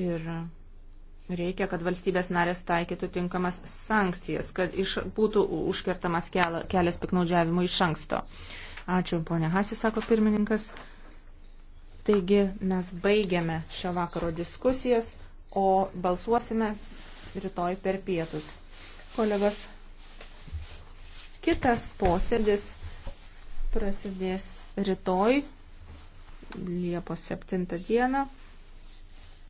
Ir reikia, kad valstybės narės taikytų tinkamas sankcijas, kad iš, būtų užkertamas kelia, kelias piknaudžiavimui iš anksto. Ačiū, ponė Hasi, sako pirmininkas. Taigi mes baigiame šio vakaro diskusijas, o balsuosime rytoj per pietus. Kolegos, kitas posėdis prasidės rytoj, Liepos 7 dieną.